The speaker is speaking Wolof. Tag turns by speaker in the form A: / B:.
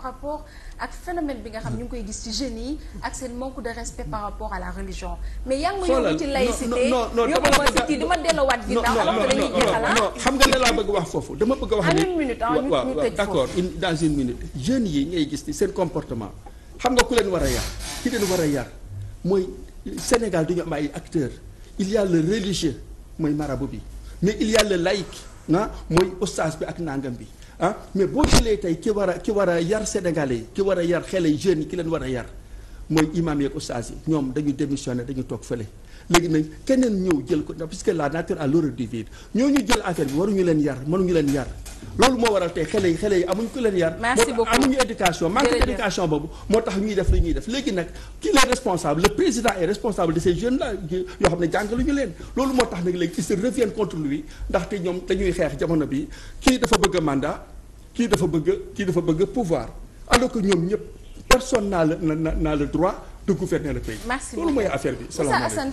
A: par rapport ak phénomène bi nga xam ñu ngi koy gis ci jeunes yi ak seen manque de respect par rapport à la religion mais yaa ngi ma yóbbu ci laïcité yóbbu ci kii dama delloowaat ah.
B: xam nga ne laa bëgg wax foofu dama bëgg wax ni une minute waaw d'accord dans une minute jeunes yi ngay gis ni seen comportement xam nga ku leen war a yar ki leen war a yar mooy Sénégal dañu am ay acteurs il y a mooy marabout bi mais il y a ah mooy oustaz bi ak nangam bi ah mais boo jëlee tey ki war a ki war a yar sénégalais yi ki war a yar xale jeunes yi ki leen war a yar mooy imam yeeg oustaz yi ñoom dañu démissionné dañu toog fële léegi nag keneen ñëw jël ko puisque la nature a l'horreur du vide ñoo ñu jël affaire bi waruñu leen yar mënuñu leen yar loolu moo waral tey xele yi xele yi amuñ ku leen yar. merci beaucoup amuñu éducation manque d'éducation boobu moo tax ñuy def li ñuy def léegi nag qui est responsable le président est responsable de ces jeunes là yoo xam ne jàngaluñu leen loolu moo tax nag léegi ils se reviennent contre lui ndaxte ñoom dañuy xeex jamono bi kii dafa bëgg mandat kii dafa bëgg kii dafa bëgg pouvoir alors que ñoom ñëpp personne n'a le n'a naa le droit de gouverner le pays. merci loolu mooy affaire bi salaamaaleykum